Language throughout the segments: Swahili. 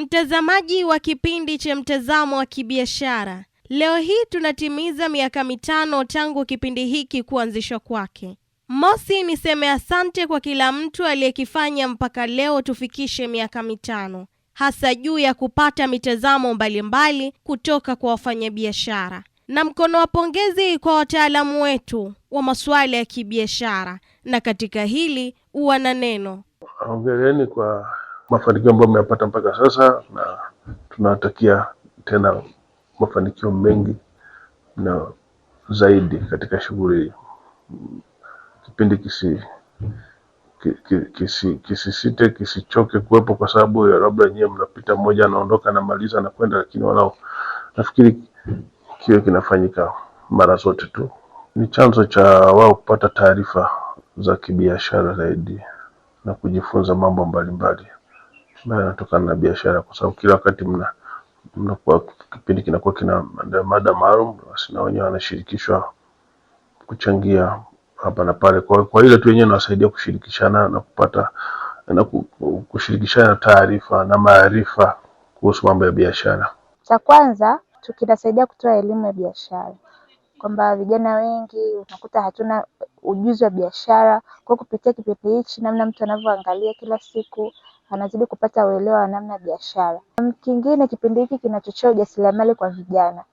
Mtazamaji wa kipindi cha mtazamo wa kibiashara, leo hii tunatimiza miaka mitano tangu kipindi hiki kuanzishwa kwake. Mosi, niseme asante kwa kila mtu aliyekifanya mpaka leo tufikishe miaka mitano, hasa juu ya kupata mitazamo mbalimbali kutoka kwa wafanyabiashara, na mkono wa pongezi kwa wataalamu wetu wa masuala ya kibiashara, na katika hili uwa na neno ongereni kwa mafanikio ambayo mmeyapata mpaka sasa, na tunawatakia tena mafanikio mengi na zaidi katika shughuli. Kipindi kisi kisisite kisi kisichoke kuwepo, kwa sababu labda wenyewe mnapita, mmoja anaondoka anamaliza anakwenda, lakini walao nafikiri kiwe kinafanyika mara zote tu. Ni chanzo cha wao kupata taarifa za kibiashara zaidi na kujifunza mambo mbalimbali ambayo yanatokana na biashara, kwa sababu kila wakati mna mnakuwa kipindi kinakuwa kina mada maalum, basi na wenyewe wanashirikishwa kuchangia hapa na pale. Kwa, kwa ile tu wenyewe nawasaidia kushirikishana na kupata na kushirikishana taarifa na maarifa kuhusu mambo ya biashara. Cha kwanza tukinasaidia kutoa elimu ya biashara kwamba vijana wengi unakuta hatuna ujuzi wa biashara, kwa kupitia kipindi hichi, namna mtu anavyoangalia kila siku anazidi kupata uelewa wa namna ya biashara. Um, kingine, kipindi hiki kinachochea ujasiriamali kwa vijana.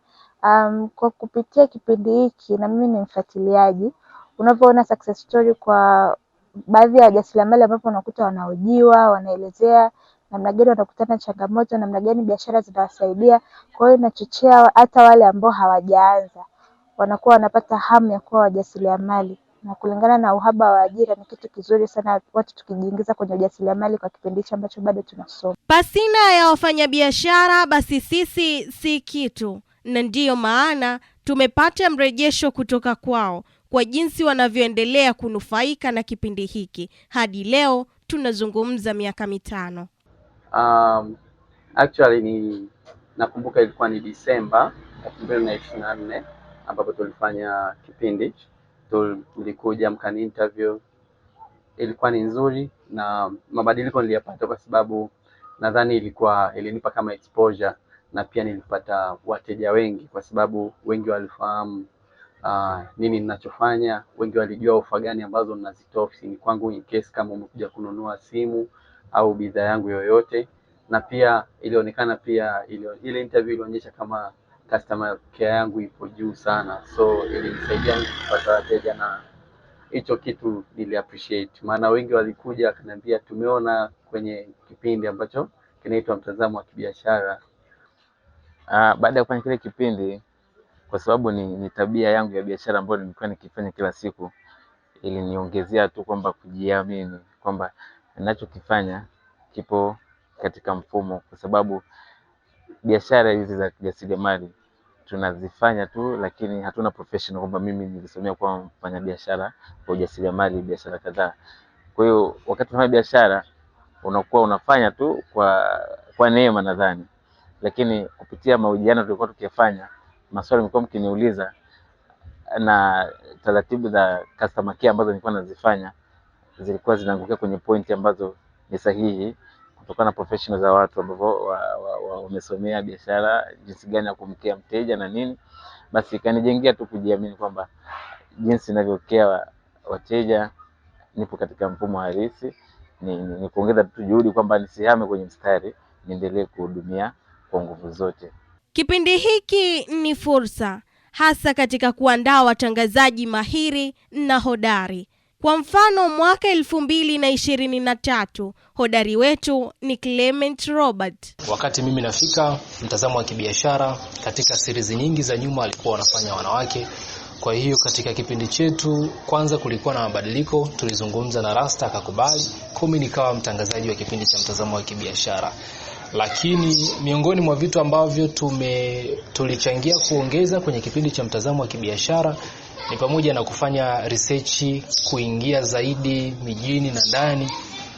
Um, kwa kupitia kipindi hiki na mimi ni mfuatiliaji, unavyoona success story kwa baadhi ya wajasiriamali ambapo unakuta wanaojiwa wanaelezea namna gani wanakutana changamoto, namna gani biashara zinawasaidia. Kwa hiyo inachochea hata wale ambao hawajaanza wanakuwa wanapata hamu ya kuwa wajasiriamali na kulingana na uhaba wa ajira ni kitu kizuri sana watu tukijiingiza kwenye ujasiriamali kwa kipindi hichi ambacho bado tunasoma. Pasina ya wafanyabiashara basi sisi si kitu, na ndiyo maana tumepata mrejesho kutoka kwao kwa jinsi wanavyoendelea kunufaika na kipindi hiki hadi leo tunazungumza miaka mitano. Um, actually ni nakumbuka ilikuwa ni Disemba elfu mbili na ishirini na nne ambapo tulifanya kipindi Tulikuja mkani interview, ilikuwa ni nzuri na mabadiliko niliyapata kwa sababu nadhani ilikuwa ilinipa kama exposure na pia nilipata wateja wengi kwa sababu wengi walifahamu uh, nini ninachofanya. Wengi walijua ofa gani ambazo ninazitoa ofisini kwangu, in case kama umekuja kununua simu au bidhaa yangu yoyote. Na pia ilionekana pia ile interview ilionyesha kama customer care yangu ipo juu sana, so ilinisaidia kupata wateja na hicho kitu nili appreciate, maana wengi walikuja wakaniambia tumeona kwenye kipindi ambacho kinaitwa mtazamo wa kibiashara. Ah, baada ya kufanya kile kipindi, kwa sababu ni, ni tabia yangu ya biashara ambayo nilikuwa nikifanya kila siku, iliniongezea tu kwamba kujiamini kwamba ninachokifanya kipo katika mfumo, kwa sababu biashara hizi za kijasiriamali tunazifanya tu, lakini hatuna professional kwamba mimi nilisomea kuwa mfanya biashara kwa ujasiriamali biashara kadhaa. Kwa hiyo wakati unafanya biashara unakuwa unafanya tu kwa kwa neema nadhani, lakini kupitia mahojiano tulikuwa tukifanya, maswali mlikuwa mkiniuliza na taratibu za customer care ambazo nilikuwa nazifanya zilikuwa zinaangukia kwenye pointi ambazo ni sahihi kutokana na professional za watu ambao wamesomea wa, wa, wa biashara, jinsi gani ya kumkea mteja na nini, basi ikanijengea tu kujiamini kwamba jinsi ninavyokea wateja nipo katika mfumo halisi. Ni, ni, ni kuongeza tu juhudi kwamba nisihame kwenye mstari, niendelee kuhudumia kwa nguvu zote. Kipindi hiki ni fursa hasa katika kuandaa watangazaji mahiri na hodari kwa mfano, mwaka elfu mbili na ishirini na tatu hodari wetu ni Clement Robert. Wakati mimi nafika, mtazamo wa kibiashara katika series nyingi za nyuma alikuwa wanafanya wanawake. Kwa hiyo katika kipindi chetu kwanza kulikuwa na mabadiliko, tulizungumza na Rasta akakubali, kumi nikawa mtangazaji wa kipindi cha mtazamo wa kibiashara lakini miongoni mwa vitu ambavyo tume tulichangia kuongeza kwenye kipindi cha mtazamo wa kibiashara ni pamoja na kufanya research, kuingia zaidi mijini na ndani,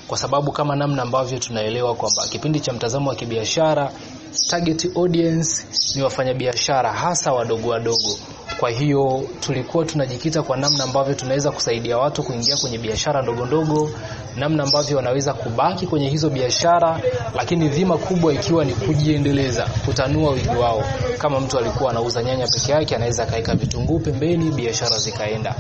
kwa sababu kama namna ambavyo tunaelewa kwamba kipindi cha mtazamo wa kibiashara target audience ni wafanyabiashara hasa wadogo wadogo kwa hiyo tulikuwa tunajikita kwa namna ambavyo tunaweza kusaidia watu kuingia kwenye biashara ndogo ndogo, namna ambavyo wanaweza kubaki kwenye hizo biashara, lakini dhima kubwa ikiwa ni kujiendeleza, kutanua wigo wao. Kama mtu alikuwa anauza nyanya peke yake, anaweza akaweka vitunguu pembeni, biashara zikaenda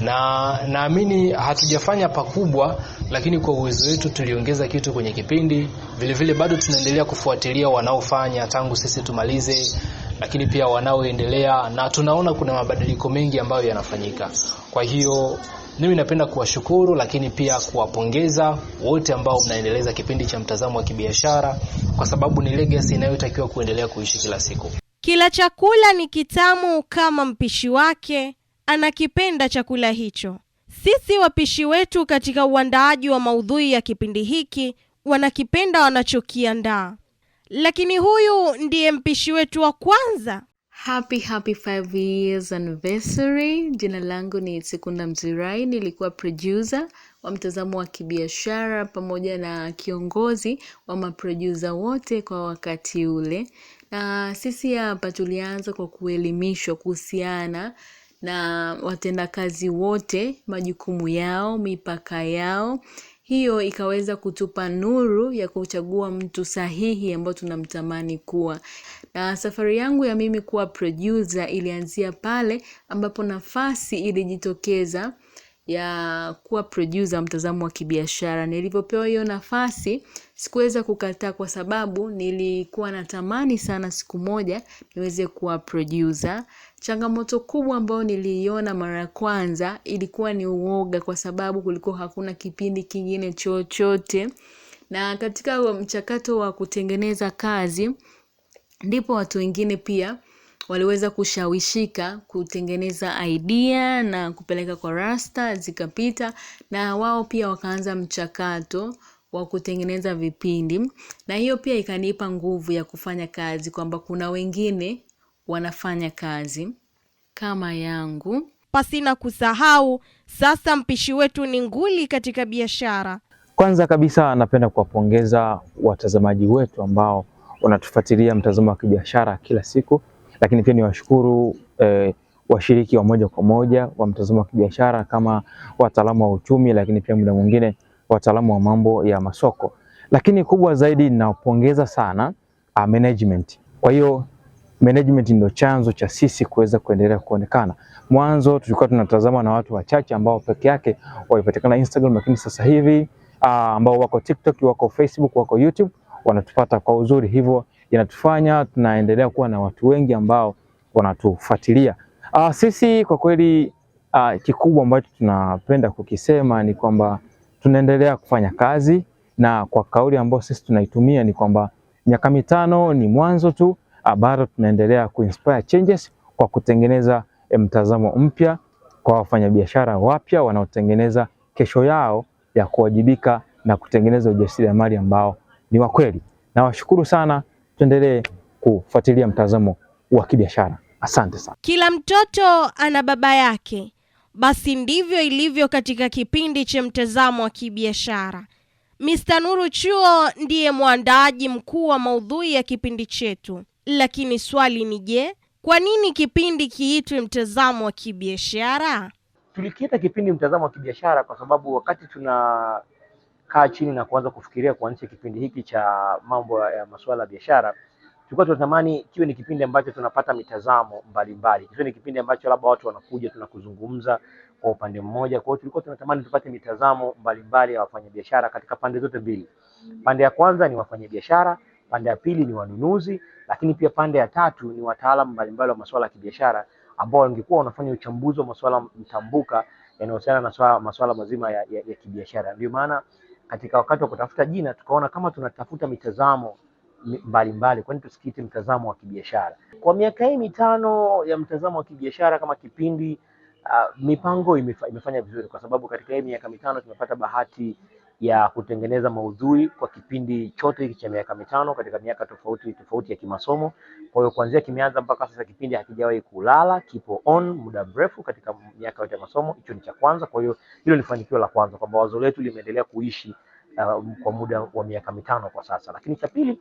na naamini hatujafanya pakubwa, lakini kwa uwezo wetu tuliongeza kitu kwenye kipindi. Vilevile bado tunaendelea kufuatilia wanaofanya tangu sisi tumalize lakini pia wanaoendelea, na tunaona kuna mabadiliko mengi ambayo yanafanyika. Kwa hiyo mimi napenda kuwashukuru, lakini pia kuwapongeza wote ambao mnaendeleza kipindi cha mtazamo wa kibiashara, kwa sababu ni legacy inayotakiwa kuendelea kuishi kila siku. Kila chakula ni kitamu kama mpishi wake anakipenda chakula hicho. Sisi wapishi wetu katika uandaaji wa maudhui ya kipindi hiki wanakipenda wanachokiandaa lakini huyu ndiye mpishi wetu wa kwanza. Happy, happy five years anniversary. Jina langu ni Sekunda Mzirai, nilikuwa producer wa mtazamo wa kibiashara pamoja na kiongozi wa maproducer wote kwa wakati ule, na sisi hapa tulianza kwa kuelimishwa kuhusiana na watendakazi wote, majukumu yao, mipaka yao hiyo ikaweza kutupa nuru ya kuchagua mtu sahihi ambao tunamtamani kuwa. Na safari yangu ya mimi kuwa producer ilianzia pale ambapo nafasi ilijitokeza ya kuwa producer mtazamo wa kibiashara. Nilipopewa hiyo nafasi sikuweza kukataa kwa sababu nilikuwa natamani sana siku moja niweze kuwa producer Changamoto kubwa ambayo niliiona mara ya kwanza ilikuwa ni uoga kwa sababu kulikuwa hakuna kipindi kingine chochote. Na katika mchakato wa kutengeneza kazi, ndipo watu wengine pia waliweza kushawishika kutengeneza idea na kupeleka kwa rasta, zikapita na wao pia wakaanza mchakato wa kutengeneza vipindi. Na hiyo pia ikanipa nguvu ya kufanya kazi kwamba kuna wengine wanafanya kazi kama yangu. Pasina kusahau sasa, mpishi wetu ni nguli katika biashara. Kwanza kabisa, napenda kuwapongeza watazamaji wetu ambao wanatufuatilia mtazamo wa kibiashara kila siku, lakini pia niwashukuru eh, washiriki wa moja kwa moja wa mtazamo wa kibiashara kama wataalamu wa uchumi, lakini pia muda mwingine wataalamu wa mambo ya masoko, lakini kubwa zaidi ninawapongeza sana uh, management. Kwa hiyo management ndio chanzo cha sisi kuweza kuendelea kuonekana. Mwanzo tulikuwa tunatazama na watu wachache ambao peke yake walipatikana Instagram, lakini sasa hivi ah, ambao wako TikTok, wako Facebook, wako YouTube wanatupata kwa uzuri, hivyo inatufanya tunaendelea kuwa na watu wengi ambao wanatufuatilia. Uh, sisi kwa kweli uh, kikubwa ambacho tunapenda kukisema ni kwamba tunaendelea kufanya kazi, na kwa kauli ambayo sisi tunaitumia ni kwamba miaka mitano ni mwanzo tu bado tunaendelea kuinspire changes kwa kutengeneza eh, mtazamo mpya kwa wafanyabiashara wapya wanaotengeneza kesho yao ya kuwajibika na kutengeneza ujasiriamali ambao ni wa kweli. Nawashukuru sana, tuendelee kufuatilia mtazamo wa kibiashara. Asante sana. Kila mtoto ana baba yake, basi ndivyo ilivyo katika kipindi cha mtazamo wa kibiashara. Mr. Nuru Chuo ndiye mwandaaji mkuu wa maudhui ya kipindi chetu. Lakini swali ni je, kwa nini kipindi kiitwe mtazamo wa kibiashara? Tulikiita kipindi mtazamo wa kibiashara kwa sababu wakati tunakaa chini na kuanza kufikiria kuanzisha kipindi hiki cha mambo ya masuala ya biashara, tulikuwa tunatamani kiwe ni kipindi ambacho tunapata mitazamo mbalimbali, kiwe ni kipindi ambacho labda watu wanakuja tunakuzungumza kwa upande mmoja. Kwa hiyo tulikuwa tunatamani tupate mitazamo mbalimbali ya wafanyabiashara katika pande zote mbili. Pande ya kwanza ni wafanyabiashara pande ya pili ni wanunuzi, lakini pia pande ya tatu ni wataalamu mbalimbali wa masuala ya kibiashara ambao wangekuwa wanafanya uchambuzi wa masuala mtambuka yanayohusiana na masuala mazima ya, ya, ya kibiashara. Ndio maana katika wakati wa kutafuta jina tukaona kama tunatafuta mitazamo mbalimbali, kwani tusikite mtazamo wa kibiashara. Kwa miaka hii mitano ya mtazamo wa kibiashara kama kipindi, uh, mipango imefa, imefanya vizuri kwa sababu katika hii miaka mitano tumepata bahati ya kutengeneza maudhui kwa kipindi chote hiki cha miaka mitano katika miaka tofauti tofauti ya kimasomo. Kwa hiyo kuanzia kimeanza mpaka sasa kipindi hakijawahi kulala, kipo on muda mrefu katika miaka yote ya masomo. Hicho ni cha kwanza. Kwa hiyo hilo ni fanikio la kwanza kwamba wazo letu limeendelea kuishi uh, kwa muda wa miaka mitano kwa sasa. Lakini cha pili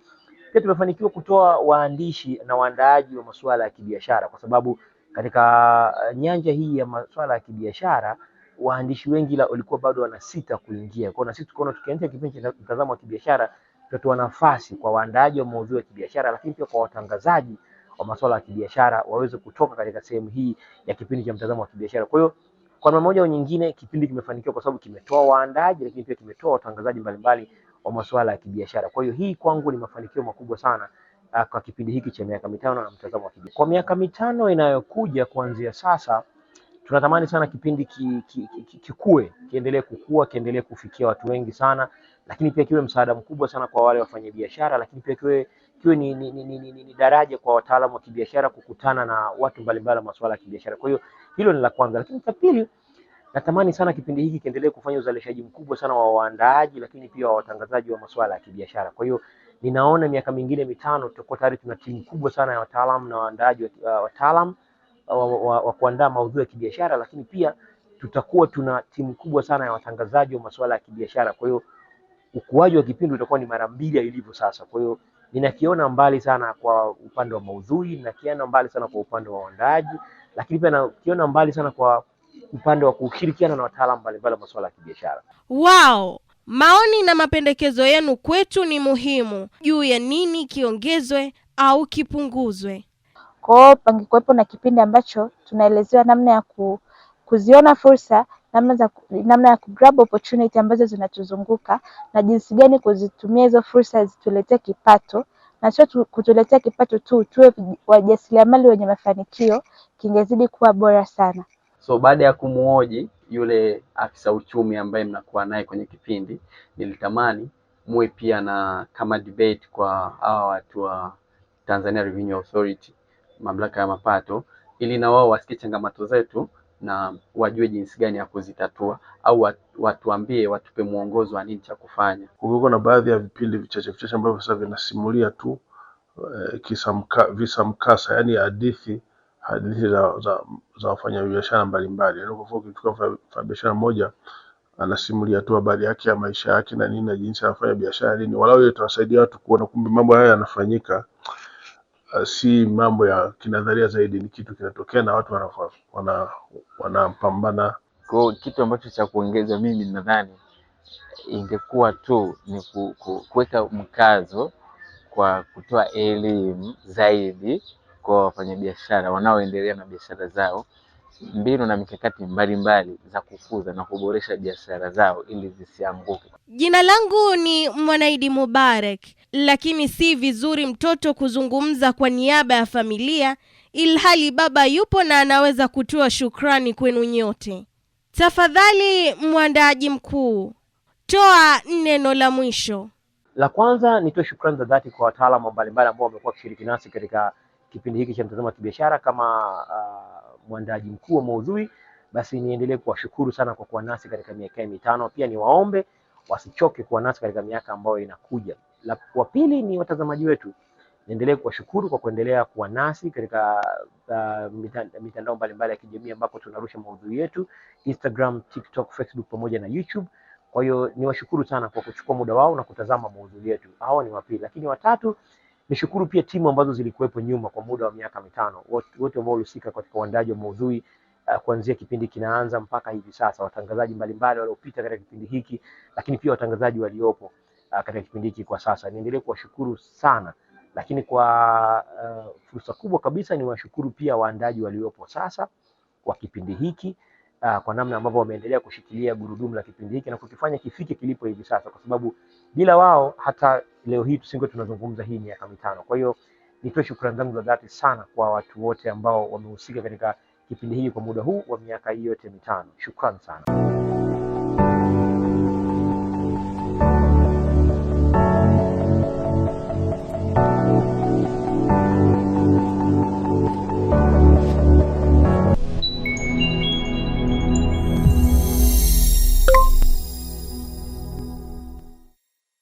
pia tumefanikiwa kutoa waandishi na waandaaji wa masuala ya kibiashara, kwa sababu katika uh, nyanja hii ya masuala ya kibiashara waandishi wengi la walikuwa bado wanasita kuingia. Kwa na sisi tukaona tukianza kipindi cha mtazamo wa kibiashara tutatoa nafasi kwa waandaaji wa maudhui ya kibiashara, lakini pia kwa watangazaji wa masuala ya kibiashara waweze kutoka katika sehemu hii ya kipindi cha mtazamo wa kibiashara. Kwa hiyo kwa namna moja au nyingine kipindi kimefanikiwa kwa sababu kimetoa waandaaji, lakini pia kimetoa watangazaji mbalimbali wa masuala ya kibiashara. Kwa hiyo hii kwangu ni mafanikio makubwa sana ah, kwa kipindi hiki cha miaka mitano na mtazamo wa kibiashara. Kwa miaka mitano inayokuja kuanzia sasa tunatamani sana kipindi ki, ki, ki, kikue kiendelee kukua kiendelee kufikia watu wengi sana, lakini pia kiwe msaada mkubwa sana kwa wale wafanyabiashara, lakini pia kiwe kiwe ni, ni, ni, ni, ni, ni daraja kwa wataalamu wa kibiashara kukutana na watu mbalimbali wa masuala ya kibiashara. Kwa hiyo hilo ni la kwanza, lakini cha pili natamani sana kipindi hiki kiendelee kufanya uzalishaji mkubwa sana wa waandaaji, lakini pia wa watangazaji wa masuala ya kibiashara. Kwa hiyo ninaona miaka mingine mitano tutakuwa tayari tuna timu kubwa sana ya wataalamu na waandaaji wa wataalamu wa, wa, wa kuandaa maudhui ya kibiashara, lakini pia tutakuwa tuna timu kubwa sana ya watangazaji wa masuala ya kibiashara. Kwa hiyo ukuaji wa kipindi utakuwa ni mara mbili ilivyo sasa. Kwa hiyo ninakiona mbali sana kwa upande wa maudhui, ninakiona mbali sana kwa upande wa uandaaji, lakini pia nakiona mbali sana kwa upande wa kushirikiana na wataalamu mbalimbali wa masuala ya kibiashara. Wow, maoni na mapendekezo yenu kwetu ni muhimu juu ya nini kiongezwe au kipunguzwe. Kwa hiyo pangekuwepo na kipindi ambacho tunaelezewa namna ya ku, kuziona fursa, namna za namna ya kugrab opportunity ambazo zinatuzunguka na jinsi gani kuzitumia hizo fursa zituletee kipato na sio kutuletea kipato tu, tuwe wajasiriamali wenye mafanikio, kingezidi kuwa bora sana. So baada ya kumuoji yule afisa uchumi ambaye mnakuwa naye kwenye kipindi, nilitamani muwe pia na kama debate kwa hawa watu wa Tanzania Revenue Authority mamlaka ya mapato, ili na wao wasikie changamoto zetu na wajue jinsi gani ya kuzitatua au watuambie, watupe mwongozo wa nini cha kufanya. Kulikuwa na baadhi ya vipindi vichache vichache ambavyo sasa vinasimulia tu eh, kisa mka, visa mkasa, yani hadithi hadithi za, za, za wafanyabiashara mbalimbali. Ukichukua mfanyabiashara mmoja anasimulia tu habari yake ya maisha yake na nini na jinsi anafanya biashara nini, walau ile tunasaidia watu kuona kumbe mambo haya yanafanyika. Uh, si mambo ya kinadharia zaidi, ni kitu kinatokea na watu wanapambana wana, wana kwa kitu ambacho cha kuongeza mimi nadhani ingekuwa tu ni kuweka mkazo kwa kutoa elimu zaidi kwa wafanyabiashara wanaoendelea na biashara zao mbinu na mikakati mbalimbali za kukuza na kuboresha biashara zao ili zisianguke. Jina langu ni Mwanaidi Mubarak, lakini si vizuri mtoto kuzungumza kwa niaba ya familia ilhali baba yupo na anaweza kutoa shukrani kwenu nyote. Tafadhali mwandaaji mkuu, toa neno la mwisho. La kwanza nitoe shukrani za dhati kwa wataalamu mbalimbali ambao wamekuwa wakishiriki nasi katika kipindi hiki cha mtazamo wa kibiashara kama uh, mwandaji mkuu wa maudhui, basi niendelee kuwashukuru sana kwa kuwa nasi katika miaka hii mitano. Pia niwaombe wasichoke kuwa nasi katika miaka ambayo inakuja. La kwa pili ni watazamaji wetu, niendelee kuwashukuru kwa kuendelea kuwa nasi katika uh, mitandao mbalimbali ya kijamii ambapo tunarusha maudhui yetu Instagram, TikTok, Facebook pamoja na YouTube. Kwa hiyo niwashukuru sana kwa kuchukua muda wao na kutazama maudhui yetu. Hawa ni wapili, lakini watatu Nishukuru pia timu ambazo zilikuwepo nyuma kwa muda wa miaka mitano, wote walihusika katika uandaji wa maudhui uh, kuanzia kipindi kinaanza mpaka hivi sasa, watangazaji mbalimbali waliopita katika kipindi hiki, lakini pia watangazaji waliopo uh, katika kipindi hiki kwa sasa. Niendelee kuwashukuru sana, lakini kwa uh, fursa kubwa kabisa niwashukuru pia waandaji waliopo sasa kwa kipindi hiki uh, kwa namna ambavyo wameendelea kushikilia gurudumu la kipindi hiki na kukifanya kifike kilipo hivi sasa, kwa sababu bila wao hata leo hii tusingekuwa tunazungumza hii miaka mitano. Kwa hiyo nitoe shukrani zangu za dhati sana kwa watu wote ambao wamehusika katika kipindi hiki kwa muda huu wa miaka hii yote mitano. Shukrani sana.